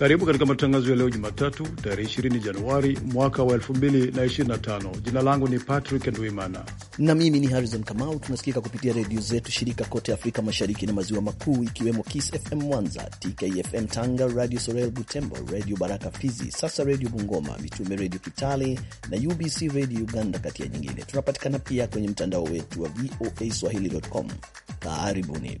Karibu katika matangazo ya leo Jumatatu, tarehe 20 Januari mwaka wa 2025. Jina langu ni Patrick Ndwimana na mimi ni Harrison Kamau. Tunasikika kupitia redio zetu shirika kote Afrika Mashariki na Maziwa Makuu, ikiwemo Kiss FM Mwanza, TKFM Tanga, Radio Sorel Butembo, Radio Baraka Fizi, Sasa Redio Bungoma, Mitume Redio Kitale na UBC Redio Uganda, kati ya nyingine. Tunapatikana pia kwenye mtandao wetu wa VOA Swahili.com. Karibuni.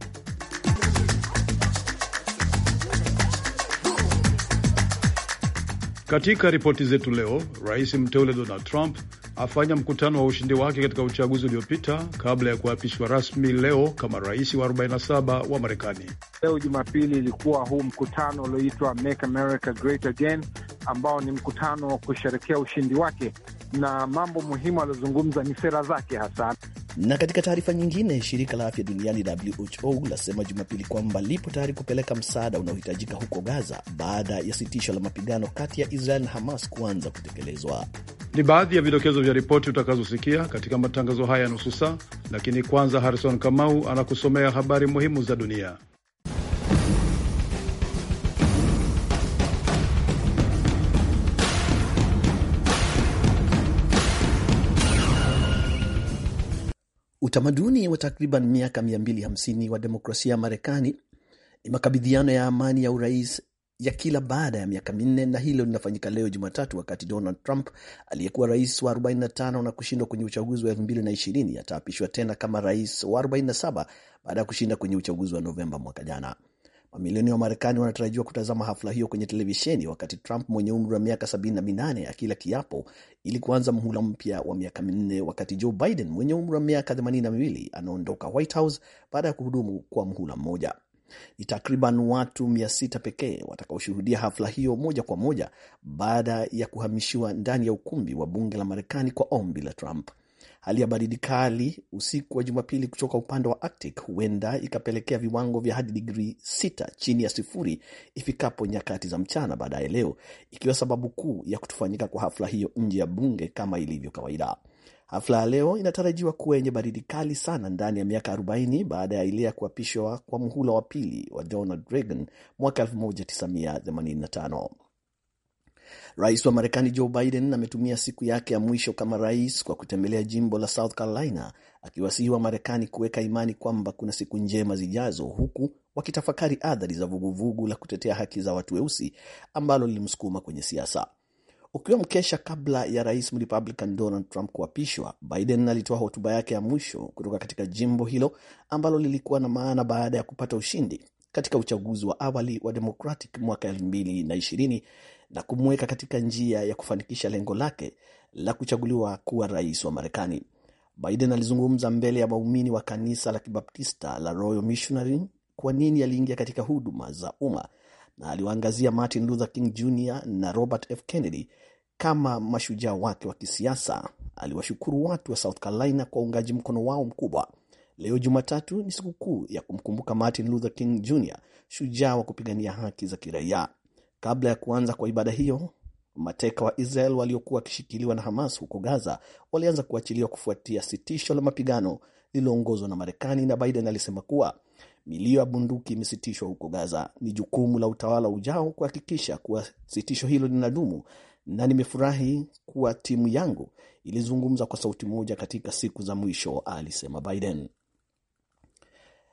Katika ripoti zetu leo, rais mteule Donald Trump afanya mkutano wa ushindi wake katika uchaguzi uliopita kabla ya kuapishwa rasmi leo kama rais wa 47 wa Marekani. Leo Jumapili ilikuwa huu mkutano ulioitwa Make America Great Again ambao ni mkutano wa kusherekea ushindi wake, na mambo muhimu aliyozungumza ni sera zake hasa. Na katika taarifa nyingine, shirika la afya duniani WHO lasema Jumapili kwamba lipo tayari kupeleka msaada unaohitajika huko Gaza baada ya sitisho la mapigano kati ya Israel na Hamas kuanza kutekelezwa. Ni baadhi ya vidokezo vya ripoti utakazosikia katika matangazo haya ya nusu saa, lakini kwanza, Harrison Kamau anakusomea habari muhimu za dunia. Utamaduni wa takriban miaka 250 wa demokrasia ya Marekani ni makabidhiano ya amani ya urais ya kila baada ya miaka minne, na hilo linafanyika leo Jumatatu, wakati Donald Trump aliyekuwa rais wa 45 na kushindwa kwenye uchaguzi wa 2020 ataapishwa tena kama rais wa 47 baada ya kushinda kwenye uchaguzi wa Novemba mwaka jana. Mamilioni wa Marekani wanatarajiwa kutazama hafla hiyo kwenye televisheni wakati Trump mwenye umri wa miaka 78 akila kiapo ili kuanza mhula mpya wa miaka minne, wakati Joe Biden mwenye umri wa miaka 82 anaondoka White House baada ya kuhudumu kwa mhula mmoja. Ni takriban watu 600 pekee watakaoshuhudia hafla hiyo moja kwa moja baada ya kuhamishiwa ndani ya ukumbi wa bunge la Marekani kwa ombi la Trump. Hali ya baridi kali usiku wa Jumapili kutoka upande wa Arctic huenda ikapelekea viwango vya hadi digrii sita chini ya sifuri ifikapo nyakati za mchana baadaye leo, ikiwa sababu kuu ya kutofanyika kwa hafla hiyo nje ya bunge kama ilivyo kawaida. Hafla ya leo inatarajiwa kuwa yenye baridi kali sana ndani ya miaka 40 baada ya ile ya kuapishwa kwa muhula wa pili wa Donald Reagan mwaka 1985. Rais wa Marekani Joe Biden ametumia siku yake ya mwisho kama rais kwa kutembelea jimbo la South Carolina, akiwasihi Marekani kuweka imani kwamba kuna siku njema zijazo, huku wakitafakari athari za vuguvugu la kutetea haki za watu weusi ambalo lilimsukuma kwenye siasa. Ukiwa mkesha kabla ya rais Mrepublican Donald Trump kuapishwa, Biden alitoa hotuba yake ya mwisho kutoka katika jimbo hilo ambalo lilikuwa na maana baada ya kupata ushindi katika uchaguzi wa awali wa Democratic mwaka 2020 na kumweka katika njia ya kufanikisha lengo lake la kuchaguliwa kuwa rais wa Marekani. Biden alizungumza mbele ya waumini wa kanisa la kibaptista la Royal Missionary kwa nini aliingia katika huduma za umma na aliwaangazia Martin Luther King Jr na Robert F Kennedy kama mashujaa wake wa kisiasa. Aliwashukuru watu wa South Carolina kwa uungaji mkono wao mkubwa. Leo Jumatatu ni sikukuu ya kumkumbuka Martin Luther King Jr, shujaa wa kupigania haki za kiraia. Kabla ya kuanza kwa ibada hiyo, mateka wa Israel waliokuwa wakishikiliwa na Hamas huko Gaza walianza kuachiliwa kufuatia sitisho la mapigano lililoongozwa na Marekani, na Biden alisema kuwa milio ya bunduki imesitishwa huko Gaza. Ni jukumu la utawala ujao kuhakikisha kuwa sitisho hilo linadumu, na nimefurahi kuwa timu yangu ilizungumza kwa sauti moja katika siku za mwisho, alisema Biden.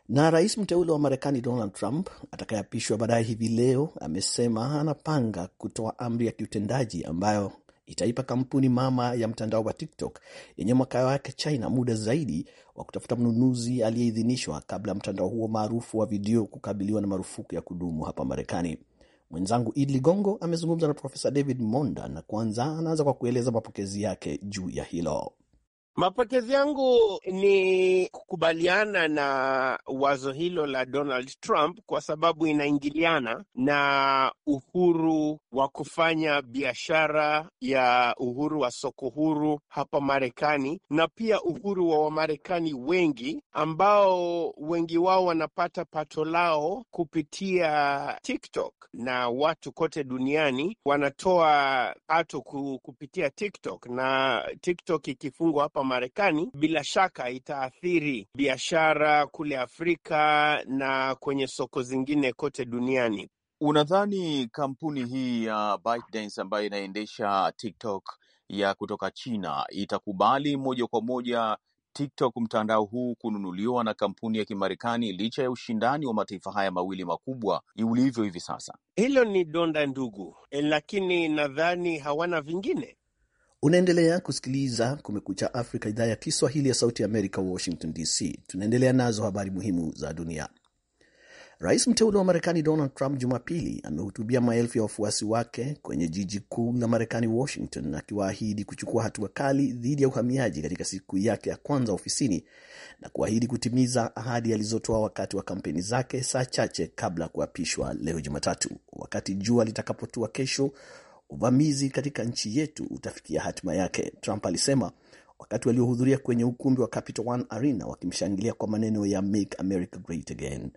Na rais mteule wa Marekani Donald Trump atakayeapishwa baadaye hivi leo amesema anapanga kutoa amri ya kiutendaji ambayo itaipa kampuni mama ya mtandao wa TikTok yenye makao yake China muda zaidi wa kutafuta mnunuzi aliyeidhinishwa kabla ya mtandao huo maarufu wa video kukabiliwa na marufuku ya kudumu hapa Marekani. Mwenzangu Id Ligongo amezungumza na Profesa David Monda na kwanza anaanza kwa kueleza mapokezi yake juu ya hilo. Mapokezi yangu ni kukubaliana na wazo hilo la Donald Trump kwa sababu inaingiliana na uhuru wa kufanya biashara ya uhuru wa soko huru hapa Marekani na pia uhuru wa Wamarekani wengi ambao wengi wao wanapata pato lao kupitia TikTok na watu kote duniani wanatoa pato kupitia TikTok na TikTok ikifungwa hapa Marekani bila shaka itaathiri biashara kule Afrika na kwenye soko zingine kote duniani. Unadhani kampuni hii ya ByteDance ambayo inaendesha TikTok ya kutoka China itakubali moja kwa moja TikTok mtandao huu kununuliwa na kampuni ya Kimarekani licha ya ushindani wa mataifa haya mawili makubwa ulivyo hivi sasa? Hilo ni donda ndugu, eh, lakini nadhani hawana vingine. Unaendelea kusikiliza Kumekucha Afrika, idhaa ya Kiswahili ya Sauti ya Amerika, Washington DC. Tunaendelea nazo habari muhimu za dunia. Rais mteule wa Marekani Donald Trump Jumapili amehutubia maelfu ya wafuasi wake kwenye jiji kuu la Marekani, Washington, akiwaahidi kuchukua hatua kali dhidi ya uhamiaji katika siku yake ya kwanza ofisini na kuahidi kutimiza ahadi alizotoa wakati wa kampeni zake saa chache kabla ya kuapishwa leo Jumatatu. Wakati jua litakapotua kesho, uvamizi katika nchi yetu utafikia hatima yake, Trump alisema wakati waliohudhuria kwenye ukumbi wa Capital One Arena wakimshangilia kwa maneno ya Make America Great Again.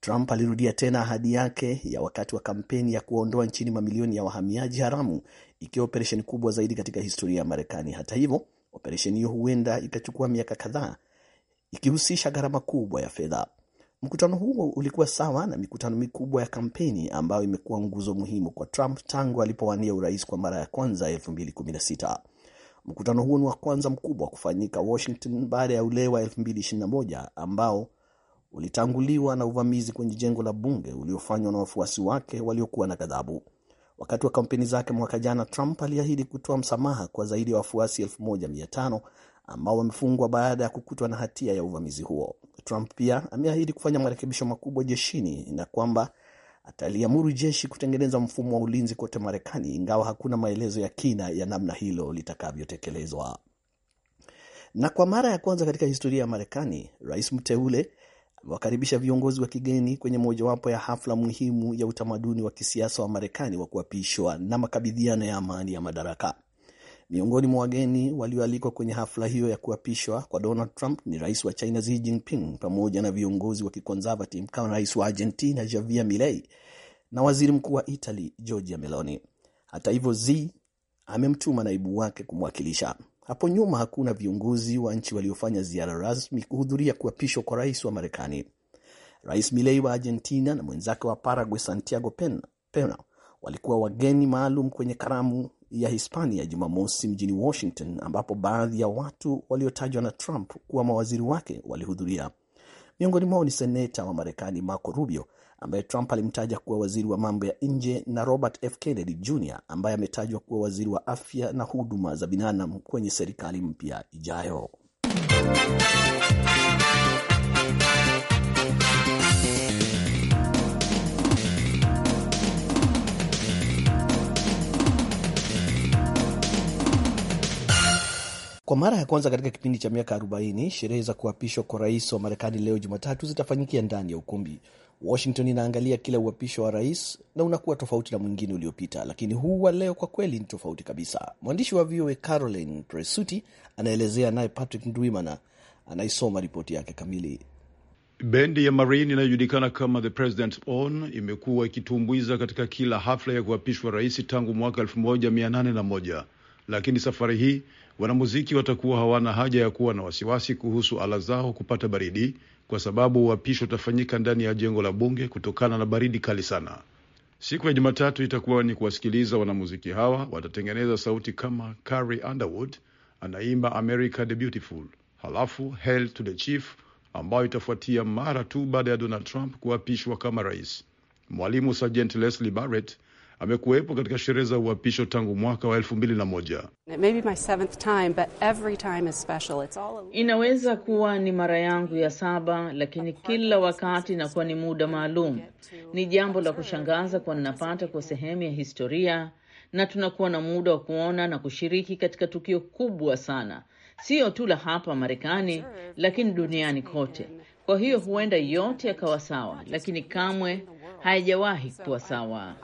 Trump alirudia tena ahadi yake ya wakati wa kampeni ya kuwaondoa nchini mamilioni ya wahamiaji haramu, ikiwa operesheni kubwa zaidi katika historia ya Marekani. Hata hivyo, operesheni hiyo huenda ikachukua miaka kadhaa, ikihusisha gharama kubwa ya fedha. Mkutano huo ulikuwa sawa na mikutano mikubwa ya kampeni ambayo imekuwa nguzo muhimu kwa Trump tangu alipowania urais kwa mara ya kwanza 2016. Mkutano huo ni wa kwanza mkubwa kufanyika Washington baada ya ule wa 2021 ambao ulitanguliwa na uvamizi kwenye jengo la bunge uliofanywa na wafuasi wake waliokuwa na ghadhabu. Wakati wa kampeni zake mwaka jana, Trump aliahidi kutoa msamaha kwa zaidi ya wafuasi 1500 ambao wamefungwa baada ya kukutwa na hatia ya uvamizi huo. Trump pia ameahidi kufanya marekebisho makubwa jeshini na kwamba ataliamuru jeshi kutengeneza mfumo wa ulinzi kote Marekani, ingawa hakuna maelezo ya kina ya namna hilo litakavyotekelezwa. Na kwa mara ya kwanza katika historia ya Marekani, rais mteule amewakaribisha viongozi wa kigeni kwenye mojawapo ya hafla muhimu ya utamaduni wa kisiasa wa Marekani wa kuapishwa na makabidhiano ya amani ya madaraka. Miongoni mwa wageni walioalikwa kwenye hafla hiyo ya kuapishwa kwa Donald Trump ni rais wa China Xi Jinping pamoja na viongozi wa kiconservative kama rais wa Argentina Javier Milei na waziri mkuu wa Italy Giorgia Meloni. Hata hivyo, Xi amemtuma naibu wake kumwakilisha. Hapo nyuma hakuna viongozi wa nchi waliofanya ziara rasmi kuhudhuria kuapishwa kwa rais wa Marekani. Rais Milei wa Argentina na mwenzake wa Paraguay Santiago Pena, Pena walikuwa wageni maalum kwenye karamu ya Hispania Jumamosi mjini Washington, ambapo baadhi ya watu waliotajwa na Trump kuwa mawaziri wake walihudhuria. Miongoni mwao ni seneta wa Marekani Marco Rubio ambaye Trump alimtaja kuwa waziri wa mambo ya nje na Robert F Kennedy Jr ambaye ametajwa kuwa waziri wa afya na huduma za binadamu kwenye serikali mpya ijayo. Kwa mara ya kwanza katika kipindi cha miaka 40 sherehe za kuapishwa kwa rais wa Marekani leo Jumatatu zitafanyikia ndani ya ukumbi. Washington inaangalia kila uapisho wa rais na unakuwa tofauti na mwingine uliopita, lakini huu wa leo kwa kweli ni tofauti kabisa. Mwandishi wa VOA Caroline Presuti anaelezea, naye Patrick Ndwimana anaisoma ripoti yake kamili. Bendi ya Marine inayojulikana kama The President On imekuwa ikitumbwiza katika kila hafla ya kuapishwa rais tangu mwaka 1801 lakini safari hii Wanamuziki watakuwa hawana haja ya kuwa na wasiwasi kuhusu ala zao kupata baridi, kwa sababu uapisho utafanyika ndani ya jengo la bunge kutokana na baridi kali sana. Siku ya Jumatatu itakuwa ni kuwasikiliza wanamuziki hawa. Watatengeneza sauti kama Carrie Underwood anaimba America the Beautiful, halafu Hail to the Chief ambayo itafuatia mara tu baada ya Donald Trump kuapishwa kama rais. Mwalimu Sajent Leslie Barrett amekuwepo katika sherehe za uhapisho tangu mwaka wa elfu mbili na moja. Inaweza kuwa ni mara yangu ya saba, lakini kila wakati inakuwa ni muda maalum. Ni jambo la kushangaza kuwa ninapata kwa sehemu ya historia na tunakuwa na muda wa kuona na kushiriki katika tukio kubwa sana, sio tu la hapa Marekani, lakini duniani kote. Kwa hiyo huenda yote yakawa sawa, lakini kamwe haijawahi kuwa uh, sawa.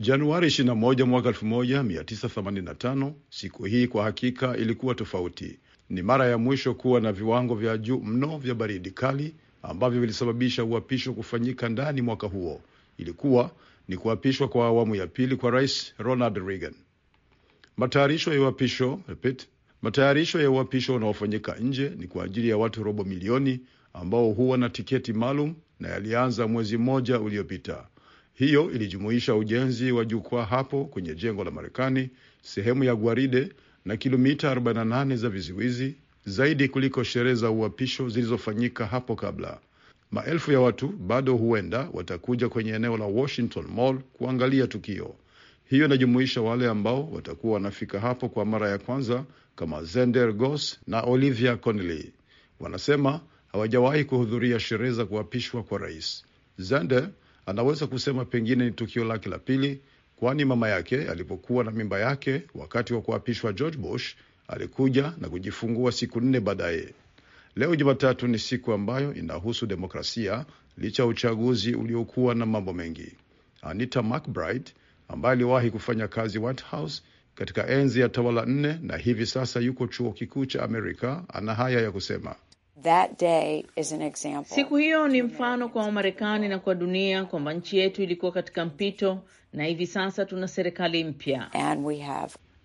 Januari 21 mwaka 1985, siku hii kwa hakika ilikuwa tofauti. Ni mara ya mwisho kuwa na viwango vya juu mno vya baridi kali ambavyo vilisababisha uapisho kufanyika ndani mwaka huo. Ilikuwa ni kuapishwa kwa awamu ya pili kwa Rais Ronald Reagan. Matayarisho ya uapisho, repeat, matayarisho ya uapisho unaofanyika nje ni kwa ajili ya watu robo milioni ambao huwa na tiketi maalum na yalianza mwezi mmoja uliopita. Hiyo ilijumuisha ujenzi wa jukwaa hapo kwenye jengo la Marekani, sehemu ya gwaride na kilomita 48 za vizuizi, zaidi kuliko sherehe za uapisho zilizofanyika hapo kabla. Maelfu ya watu bado huenda watakuja kwenye eneo la Washington Mall kuangalia tukio. Hiyo inajumuisha wale ambao watakuwa wanafika hapo kwa mara ya kwanza kama Zender Goss na Olivia Connelly. Wanasema hawajawahi kuhudhuria sherehe za kuapishwa kwa rais. Zande anaweza kusema pengine ni tukio lake la pili, kwani mama yake alipokuwa na mimba yake wakati wa kuapishwa George Bush alikuja na kujifungua siku nne baadaye. Leo Jumatatu ni siku ambayo inahusu demokrasia licha ya uchaguzi uliokuwa na mambo mengi. Anita McBride ambaye aliwahi kufanya kazi White House katika enzi ya tawala nne na hivi sasa yuko chuo kikuu cha Amerika ana haya ya kusema. That day is an example. Siku hiyo ni mfano kwa Wamarekani na kwa dunia kwamba nchi yetu ilikuwa katika mpito na hivi sasa tuna serikali mpya.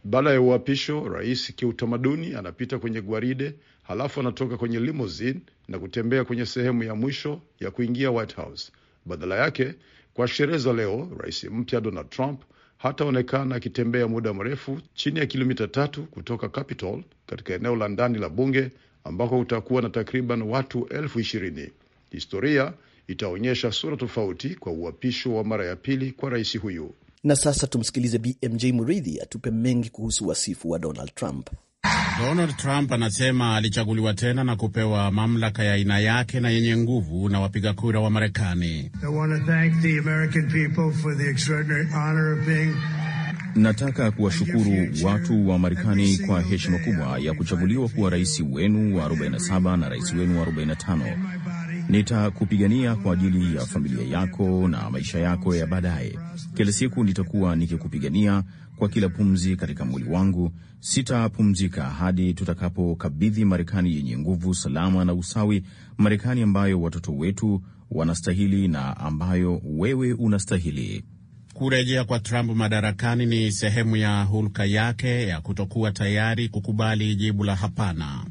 Baada ya uapisho, rais kiutamaduni anapita kwenye gwaride, halafu anatoka kwenye limousine na kutembea kwenye sehemu ya mwisho ya kuingia White House. Badala yake, kwa sherehe za leo, rais mpya Donald Trump hataonekana akitembea muda mrefu chini ya kilomita tatu kutoka Capitol katika eneo la ndani la bunge ambako utakuwa na takriban watu elfu ishirini. Historia itaonyesha sura tofauti kwa uapisho wa mara ya pili kwa rais huyu. Na sasa tumsikilize BMJ Muridhi atupe mengi kuhusu wasifu wa Donald Trump. Donald Trump anasema alichaguliwa tena na kupewa mamlaka ya aina yake na yenye nguvu na wapiga kura wa Marekani. Nataka kuwashukuru watu wa Marekani kwa heshima kubwa ya kuchaguliwa kuwa rais wenu wa 47 na rais wenu wa 45. Nitakupigania kwa ajili ya familia yako na maisha yako ya baadaye. Kila siku nitakuwa nikikupigania kwa kila pumzi katika mwili wangu. Sitapumzika hadi tutakapokabidhi Marekani yenye nguvu, salama na usawi, Marekani ambayo watoto wetu wanastahili na ambayo wewe unastahili. Kurejea kwa Trump madarakani ni sehemu ya hulka yake ya kutokuwa tayari kukubali jibu la hapana.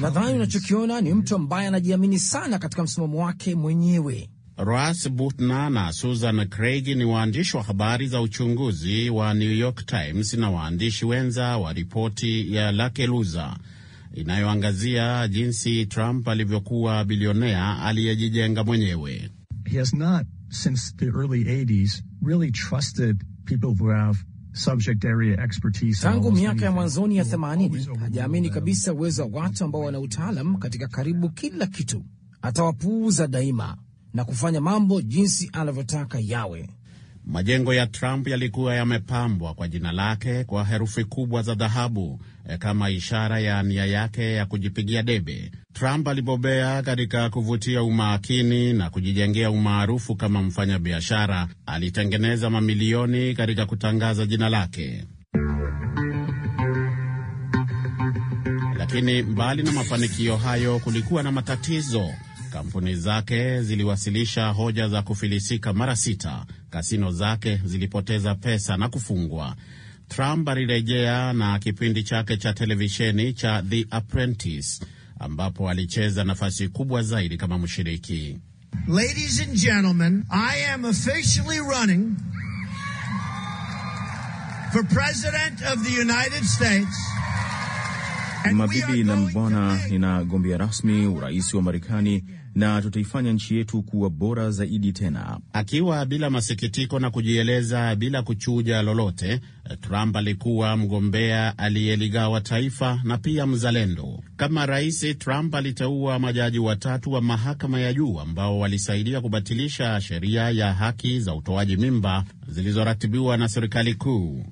Nadhani unachokiona ni mtu ambaye anajiamini sana katika msimamo wake mwenyewe. Ras Butna na Susan Craig ni waandishi wa habari za uchunguzi wa New York Times na waandishi wenza wa ripoti ya Lakeluza inayoangazia jinsi Trump alivyokuwa bilionea aliyejijenga mwenyewe. He has not, since the early 80s, really trusted people who have subject area expertise. Tangu miaka ya mwanzoni ya 80 hajaamini kabisa uwezo wa watu ambao wana utaalam katika karibu kila kitu. Atawapuuza daima na kufanya mambo jinsi anavyotaka yawe. Majengo ya Trump yalikuwa yamepambwa kwa jina lake kwa herufi kubwa za dhahabu e, kama ishara ya nia yake ya kujipigia debe. Trump alibobea katika kuvutia umakini na kujijengea umaarufu kama mfanyabiashara. Alitengeneza mamilioni katika kutangaza jina lake. Lakini mbali na mafanikio hayo, kulikuwa na matatizo. Kampuni zake ziliwasilisha hoja za kufilisika mara sita. Kasino zake zilipoteza pesa na kufungwa. Trump alirejea na kipindi chake cha televisheni cha The Apprentice ambapo alicheza nafasi kubwa zaidi kama mshiriki. Ladies and gentlemen, I am officially running for president of the United States. Mabibi na mbwana, ninagombea rasmi urais wa Marekani na tutaifanya nchi yetu kuwa bora zaidi tena. Akiwa bila masikitiko na kujieleza bila kuchuja lolote, Trump alikuwa mgombea aliyeligawa taifa na pia mzalendo. Kama rais, Trump aliteua majaji watatu wa mahakama ya juu ambao walisaidia kubatilisha sheria ya haki za utoaji mimba zilizoratibiwa na serikali kuu.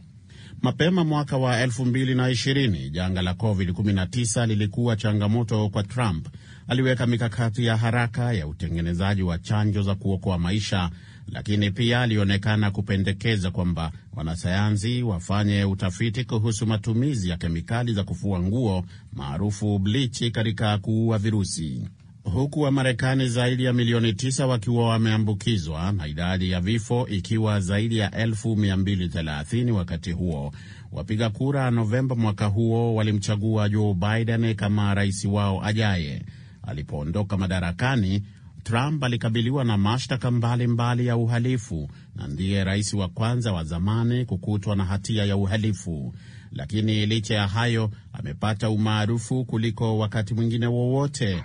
Mapema mwaka wa 2020 janga la COVID-19 lilikuwa changamoto kwa Trump aliweka mikakati ya haraka ya utengenezaji wa chanjo za kuokoa maisha, lakini pia alionekana kupendekeza kwamba wanasayansi wafanye utafiti kuhusu matumizi ya kemikali za kufua nguo maarufu blichi katika kuua virusi huku Wamarekani zaidi ya milioni tisa wakiwa wameambukizwa na idadi ya vifo ikiwa zaidi ya elfu mia mbili thelathini wakati huo, wapiga kura Novemba mwaka huo walimchagua Joe Biden kama rais wao ajaye alipoondoka madarakani, Trump alikabiliwa na mashtaka mbalimbali ya uhalifu na ndiye rais wa kwanza wa zamani kukutwa na hatia ya uhalifu. Lakini licha ya hayo, amepata umaarufu kuliko wakati mwingine wowote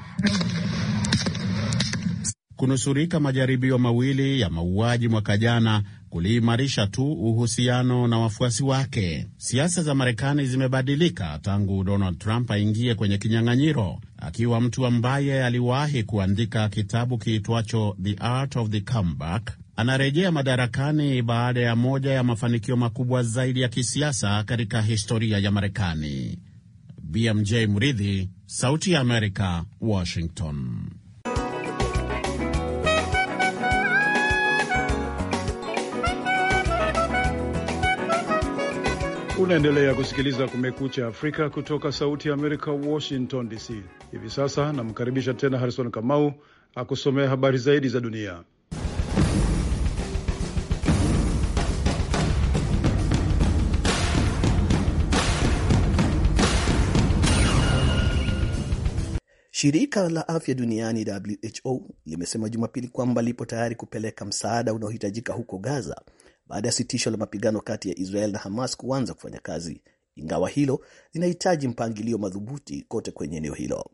kunusurika majaribio mawili ya mauaji mwaka jana kuliimarisha tu uhusiano na wafuasi wake. Siasa za Marekani zimebadilika tangu Donald Trump aingie kwenye kinyang'anyiro akiwa mtu ambaye aliwahi kuandika kitabu kiitwacho The Art of the Comeback. Anarejea madarakani baada ya moja ya mafanikio makubwa zaidi ya kisiasa katika historia ya Marekani. BMJ Mridhi, Sauti ya Amerika, Washington. Unaendelea kusikiliza Kumekucha Afrika kutoka Sauti ya Amerika, Washington DC. Hivi sasa namkaribisha tena Harrison Kamau akusomea habari zaidi za dunia. Shirika la afya duniani WHO limesema Jumapili kwamba lipo tayari kupeleka msaada unaohitajika huko Gaza baada ya sitisho la mapigano kati ya Israel na Hamas kuanza kufanya kazi, ingawa hilo linahitaji mpangilio madhubuti kote kwenye eneo hilo.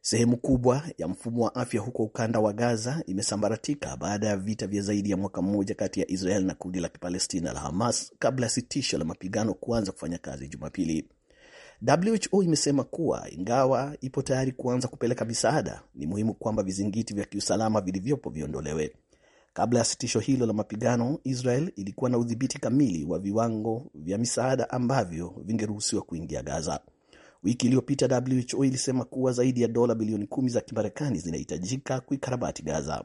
Sehemu kubwa ya mfumo wa afya huko ukanda wa Gaza imesambaratika baada ya vita vya zaidi ya mwaka mmoja kati ya Israel na kundi la Kipalestina la Hamas kabla ya sitisho la mapigano kuanza kufanya kazi Jumapili. WHO imesema kuwa ingawa ipo tayari kuanza kupeleka misaada, ni muhimu kwamba vizingiti vya kiusalama vilivyopo viondolewe. Kabla ya sitisho hilo la mapigano, Israel ilikuwa na udhibiti kamili wa viwango vya misaada ambavyo vingeruhusiwa kuingia Gaza. Wiki iliyopita WHO ilisema kuwa zaidi ya dola bilioni kumi za Kimarekani zinahitajika kuikarabati Gaza.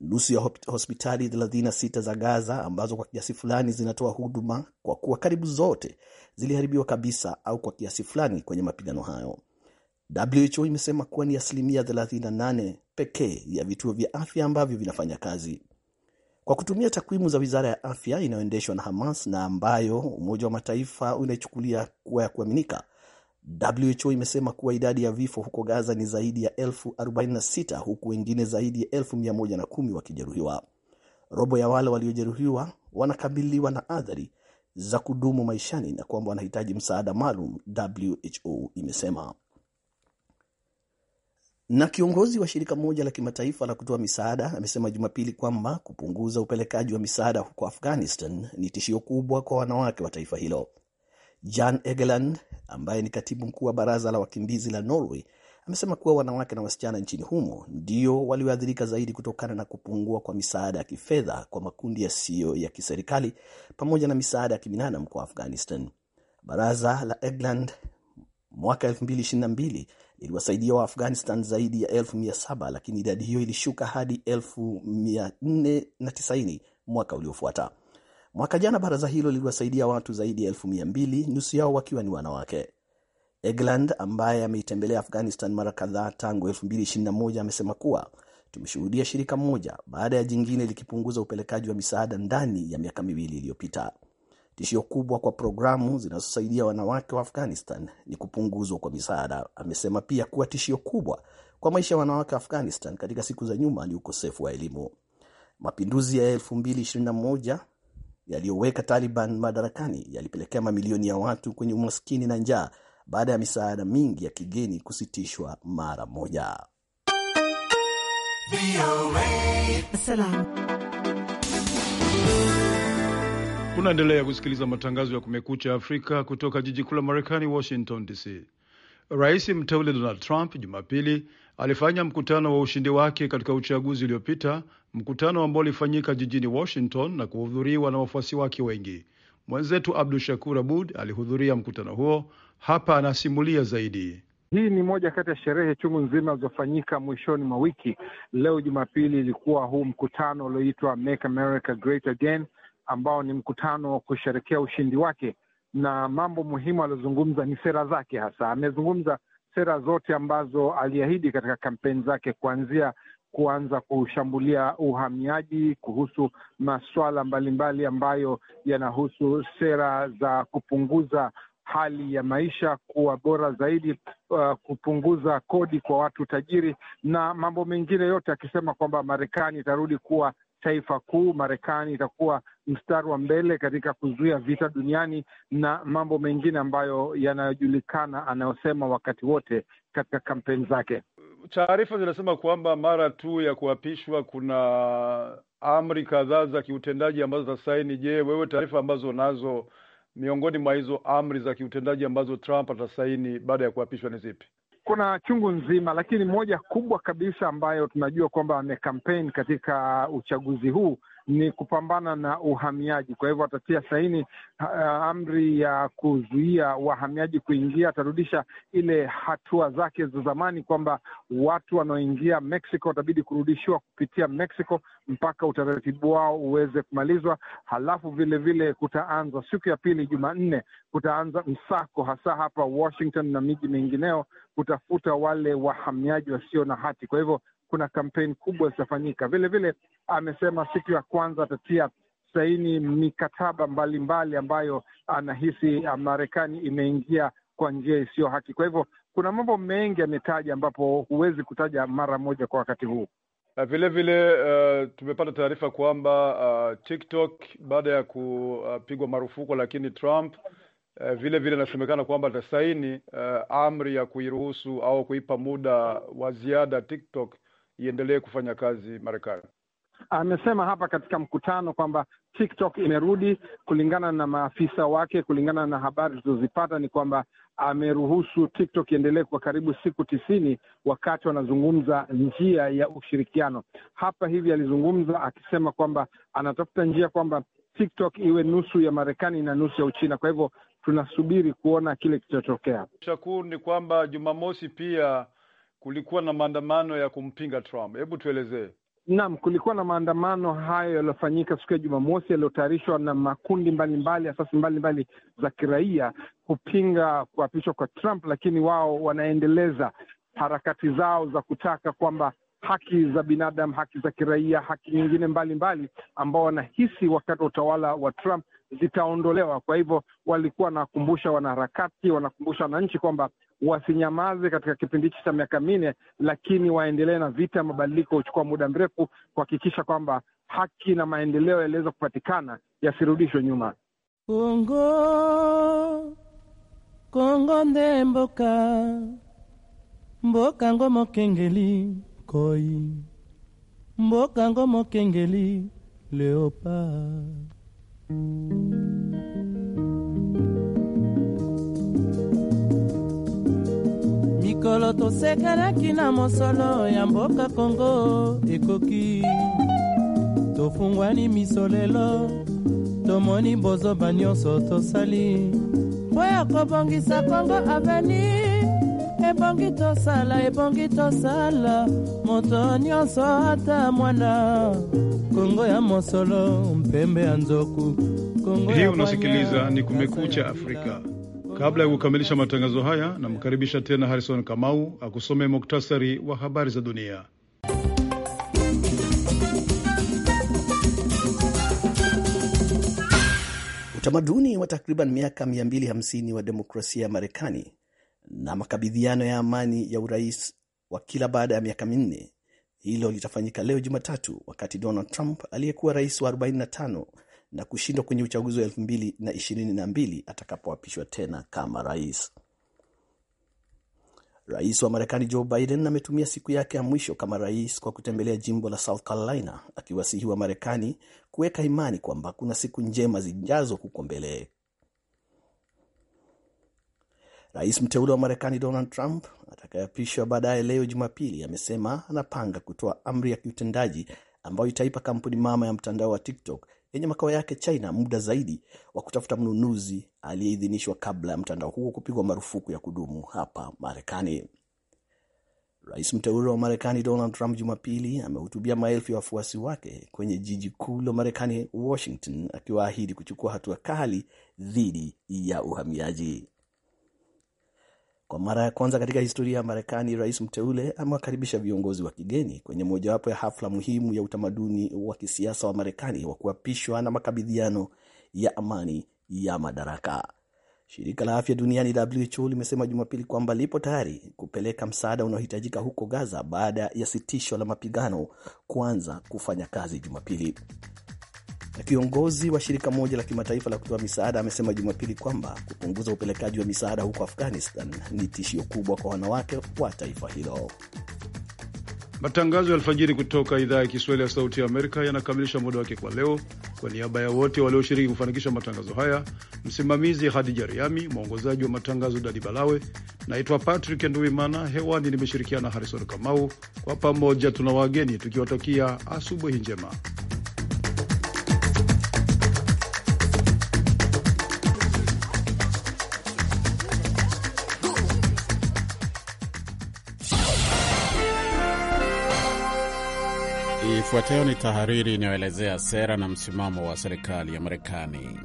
Nusu ya hospitali 36 za Gaza ambazo kwa kiasi fulani zinatoa huduma kwa kuwa karibu zote ziliharibiwa kabisa au kwa kiasi fulani kwenye mapigano hayo. WHO imesema kuwa ni asilimia 38 pekee ya vituo vya afya ambavyo vinafanya kazi. Kwa kutumia takwimu za Wizara ya Afya inayoendeshwa na Hamas na ambayo Umoja wa Mataifa unaichukulia kuwa ya kuaminika, WHO imesema kuwa idadi ya vifo huko Gaza ni zaidi ya elfu 46 huku wengine zaidi ya elfu 110 wakijeruhiwa. Robo ya wale waliojeruhiwa wanakabiliwa na athari za kudumu maishani na kwamba wanahitaji msaada maalum, WHO imesema. Na kiongozi wa shirika moja la kimataifa la kutoa misaada amesema Jumapili kwamba kupunguza upelekaji wa misaada huko Afghanistan ni tishio kubwa kwa wanawake wa taifa hilo. Jan Egeland ambaye ni katibu mkuu wa baraza la wakimbizi la Norway amesema kuwa wanawake na wasichana nchini humo ndio walioathirika zaidi kutokana na kupungua kwa misaada ya kifedha kwa makundi yasiyo ya kiserikali pamoja na misaada ya kibinadamu kwa Afghanistan. Baraza la Egeland mwaka 2022 iliwasaidia Waafghanistan zaidi ya elfu mia saba lakini idadi hiyo ilishuka hadi elfu mia nne na tisaini mwaka uliofuata. Mwaka jana baraza hilo liliwasaidia watu zaidi ya elfu mia mbili nusu yao wakiwa ni wanawake. Egland ambaye ameitembelea Afghanistan mara kadhaa tangu 2021 amesema kuwa tumeshuhudia shirika moja baada ya jingine likipunguza upelekaji wa misaada ndani ya miaka miwili iliyopita. Tishio kubwa kwa programu zinazosaidia wanawake wa Afghanistan ni kupunguzwa kwa misaada. Amesema pia kuwa tishio kubwa kwa maisha ya wanawake wa Afghanistan katika siku za nyuma ni ukosefu wa elimu. Mapinduzi ya 2021 yaliyoweka Taliban madarakani yalipelekea mamilioni ya watu kwenye umaskini na njaa baada ya misaada mingi ya kigeni kusitishwa mara moja. Salam. Unaendelea kusikiliza matangazo ya Kumekucha Afrika kutoka jiji kuu la Marekani, Washington DC. Rais mteule Donald Trump Jumapili alifanya mkutano wa ushindi wake katika uchaguzi uliopita, mkutano ambao ulifanyika jijini Washington na kuhudhuriwa na wafuasi wake wengi. Mwenzetu Abdu Shakur Abud alihudhuria mkutano huo, hapa anasimulia zaidi. Hii ni moja kati ya sherehe chungu nzima zilizofanyika mwishoni mwa wiki. Leo Jumapili ilikuwa huu mkutano ulioitwa Make America Great Again ambao ni mkutano wa kusherekea ushindi wake, na mambo muhimu aliyozungumza ni sera zake. Hasa amezungumza sera zote ambazo aliahidi katika kampeni zake, kuanzia kuanza kushambulia uhamiaji, kuhusu masuala mbalimbali ambayo yanahusu sera za kupunguza hali ya maisha kuwa bora zaidi, uh, kupunguza kodi kwa watu tajiri na mambo mengine yote, akisema kwamba Marekani itarudi kuwa taifa kuu, Marekani itakuwa mstari wa mbele katika kuzuia vita duniani na mambo mengine ambayo yanayojulikana anayosema wakati wote katika kampeni zake. Taarifa zinasema kwamba mara tu ya kuapishwa kuna amri kadhaa za kiutendaji ambazo zitasaini. Je, wewe taarifa ambazo nazo miongoni mwa hizo amri za kiutendaji ambazo Trump atasaini baada ya kuapishwa ni zipi? kuna chungu nzima, lakini moja kubwa kabisa ambayo tunajua kwamba amekampeni katika uchaguzi huu ni kupambana na uhamiaji. Kwa hivyo atatia saini amri ya kuzuia wahamiaji kuingia, atarudisha ile hatua zake za zamani kwamba watu wanaoingia Mexico watabidi kurudishiwa kupitia Mexico mpaka utaratibu wao uweze kumalizwa. Halafu vilevile kutaanza siku ya pili, Jumanne, kutaanza msako hasa hapa Washington na miji mingineo kutafuta wale wahamiaji wasio na hati. Kwa hivyo kuna kampeni kubwa zitafanyika vilevile amesema siku ya kwanza atatia saini mikataba mbalimbali mbali ambayo anahisi ah, Marekani imeingia kwa njia isiyo haki. Kwa hivyo kuna mambo mengi ametaja ambapo huwezi kutaja mara moja kwa wakati huu. Vilevile vile, uh, tumepata taarifa kwamba uh, TikTok baada ya kupigwa marufuku, lakini Trump vilevile eh, uh, vile inasemekana kwamba atasaini uh, amri ya kuiruhusu au kuipa muda wa ziada TikTok iendelee kufanya kazi Marekani amesema hapa katika mkutano kwamba TikTok imerudi kulingana na maafisa wake. Kulingana na habari tulizozipata ni kwamba ameruhusu TikTok iendelee kwa karibu siku tisini, wakati wanazungumza njia ya ushirikiano. Hapa hivi alizungumza akisema kwamba anatafuta njia kwamba TikTok iwe nusu ya Marekani na nusu ya Uchina. Kwa hivyo tunasubiri kuona kile kilichotokea. Shakur, ni kwamba Jumamosi pia kulikuwa na maandamano ya kumpinga Trump. Hebu tuelezee. Naam, kulikuwa na maandamano hayo yaliyofanyika siku ya Jumamosi yaliyotayarishwa na makundi mbalimbali, asasi mbalimbali za kiraia kupinga kuapishwa kwa Trump, lakini wao wanaendeleza harakati zao za kutaka kwamba haki za binadamu, haki za kiraia, haki nyingine mbalimbali ambao wanahisi wakati wa utawala wa Trump zitaondolewa. Kwa hivyo walikuwa wanakumbusha wanaharakati, wanakumbusha wananchi kwamba wasinyamaze katika kipindi hichi cha miaka minne, lakini waendelee na vita ya mabadiliko huchukua muda mrefu kuhakikisha kwamba haki na maendeleo yaliweza kupatikana, yasirudishwe nyuma. Kongo, Kongo nde mboka mboka ngomokengeli koi mboka ngomokengeli mokengeli leopa mikolo tosekelaki na mosolo ya mboka kongo ekoki tofungwani miso lelo tomoni bozoba nyonso tosali mpo ya kobongisa kongo aveni ebongi tosala ebongi tosala moto nyonso ata mwana kongo ya mosolo mpembe ya nzoku kongo ya unasikiliza ni kumekucha afrika Kabla ya kukamilisha matangazo haya, namkaribisha tena Harrison Kamau akusome muktasari wa habari za dunia. Utamaduni wa takriban miaka 250 wa demokrasia ya Marekani na makabidhiano ya amani ya urais wa kila baada ya miaka minne, hilo litafanyika leo Jumatatu, wakati Donald Trump aliyekuwa rais wa 45 na kushindwa kwenye uchaguzi wa elfu mbili na ishirini na mbili atakapoapishwa tena kama rais. Rais wa Marekani Joe Biden ametumia siku yake ya mwisho kama rais kwa kutembelea jimbo la South Carolina, akiwasihi wa Marekani kuweka imani kwamba kuna siku njema zijazo huko mbele. Rais mteule wa Marekani Donald Trump atakayeapishwa baadaye leo Jumapili amesema anapanga kutoa amri ya kiutendaji ambayo itaipa kampuni mama ya mtandao wa TikTok yenye makao yake China muda zaidi wa kutafuta mnunuzi aliyeidhinishwa kabla ya mtandao huo kupigwa marufuku ya kudumu hapa Marekani. Rais mteule wa Marekani Donald Trump Jumapili amehutubia maelfu ya wafuasi wake kwenye jiji kuu la Marekani, Washington, akiwaahidi kuchukua hatua kali dhidi ya uhamiaji. Kwa mara ya kwanza katika historia ya Marekani, rais mteule amewakaribisha viongozi wa kigeni kwenye mojawapo ya hafla muhimu ya utamaduni wa kisiasa wa Marekani wa kuapishwa na makabidhiano ya amani ya madaraka. Shirika la afya duniani WHO limesema Jumapili kwamba lipo tayari kupeleka msaada unaohitajika huko Gaza baada ya sitisho la mapigano kuanza kufanya kazi Jumapili. Kiongozi wa shirika moja la kimataifa la kutoa misaada amesema Jumapili kwamba kupunguza upelekaji wa misaada huko Afghanistan ni tishio kubwa kwa wanawake wa taifa hilo. Matangazo ya alfajiri kutoka idhaa ya Kiswahili ya Sauti ya Amerika yanakamilisha muda wake kwa leo. Kwa niaba ya wote walioshiriki kufanikisha matangazo haya, msimamizi Hadija Riami, mwongozaji wa matangazo Dadi Balawe. Naitwa Patrick Nduimana, hewani nimeshirikiana Harrison Kamau. Kwa pamoja, tuna wageni tukiwatakia asubuhi njema. Ifuatayo ni tahariri inayoelezea sera na msimamo wa serikali ya Marekani.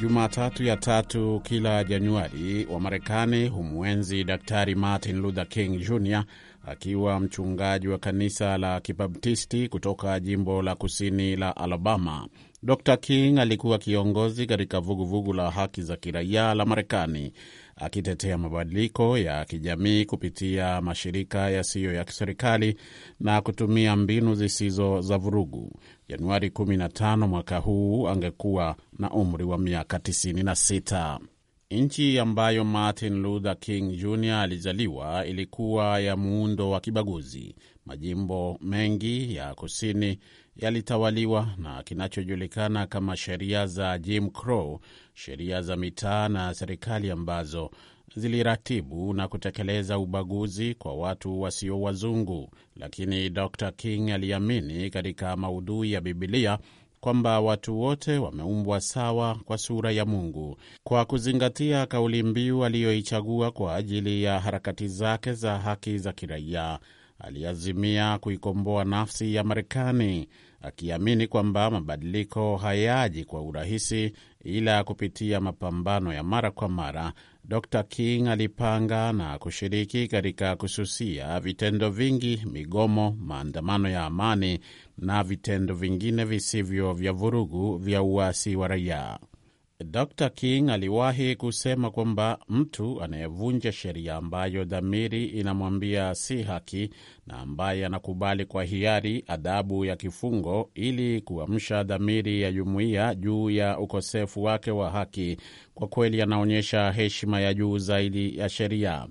Jumatatu ya tatu kila Januari wa Marekani humwenzi Daktari Martin Luther King Jr akiwa mchungaji wa kanisa la Kibaptisti kutoka jimbo la kusini la Alabama. Dr King alikuwa kiongozi katika vuguvugu la haki za kiraia la Marekani akitetea mabadiliko ya kijamii kupitia mashirika yasiyo ya kiserikali na kutumia mbinu zisizo za vurugu. Januari 15 mwaka huu angekuwa na umri wa miaka 96. Nchi ambayo Martin Luther King Jr alizaliwa ilikuwa ya muundo wa kibaguzi. Majimbo mengi ya kusini yalitawaliwa na kinachojulikana kama sheria za Jim Crow, sheria za mitaa na serikali ambazo ziliratibu na kutekeleza ubaguzi kwa watu wasio wazungu. Lakini Dr King aliamini katika maudhui ya Bibilia kwamba watu wote wameumbwa sawa kwa sura ya Mungu. Kwa kuzingatia kauli mbiu aliyoichagua kwa ajili ya harakati zake za haki za kiraia, aliazimia kuikomboa nafsi ya Marekani akiamini kwamba mabadiliko hayaji kwa urahisi ila kupitia mapambano ya mara kwa mara. Dr King alipanga na kushiriki katika kususia vitendo vingi, migomo, maandamano ya amani na vitendo vingine visivyo vya vurugu vya uasi wa raia. Dr King aliwahi kusema kwamba mtu anayevunja sheria ambayo dhamiri inamwambia si haki na ambaye anakubali kwa hiari adhabu ya kifungo ili kuamsha dhamiri ya jumuiya juu ya ukosefu wake wa haki, kwa kweli anaonyesha heshima ya juu zaidi ya sheria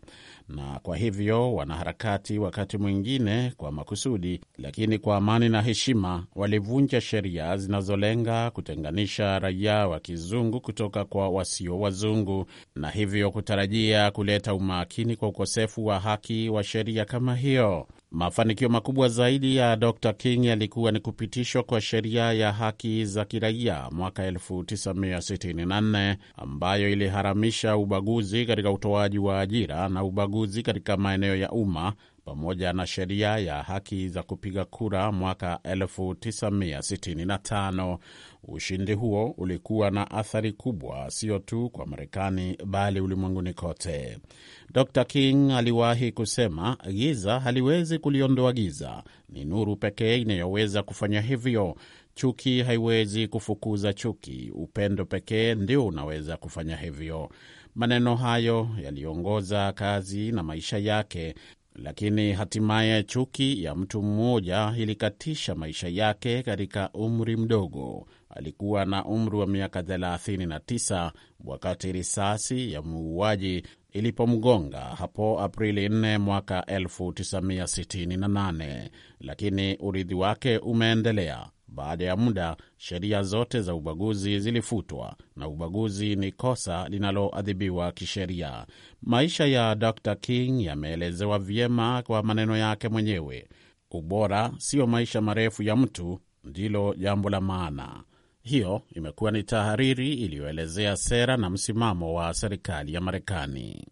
na kwa hivyo wanaharakati, wakati mwingine kwa makusudi, lakini kwa amani na heshima, walivunja sheria zinazolenga kutenganisha raia wa kizungu kutoka kwa wasio wazungu, na hivyo kutarajia kuleta umakini kwa ukosefu wa haki wa sheria kama hiyo. Mafanikio makubwa zaidi ya Dr King yalikuwa ni kupitishwa kwa sheria ya haki za kiraia mwaka 1964 ambayo iliharamisha ubaguzi katika utoaji wa ajira na ubaguzi katika maeneo ya umma pamoja na sheria ya haki za kupiga kura mwaka 1965 Ushindi huo ulikuwa na athari kubwa, sio tu kwa Marekani bali ulimwenguni kote. Dr King aliwahi kusema, giza haliwezi kuliondoa giza, ni nuru pekee inayoweza kufanya hivyo. Chuki haiwezi kufukuza chuki, upendo pekee ndio unaweza kufanya hivyo. Maneno hayo yaliongoza kazi na maisha yake lakini hatimaye chuki ya mtu mmoja ilikatisha maisha yake katika umri mdogo. Alikuwa na umri wa miaka 39 wakati risasi ya muuaji ilipomgonga hapo Aprili 4 mwaka 1968, lakini urithi wake umeendelea. Baada ya muda, sheria zote za ubaguzi zilifutwa na ubaguzi ni kosa linaloadhibiwa kisheria. Maisha ya Dr King yameelezewa vyema kwa maneno yake mwenyewe, ubora sio maisha marefu ya mtu, ndilo jambo la maana. Hiyo imekuwa ni tahariri iliyoelezea sera na msimamo wa serikali ya Marekani.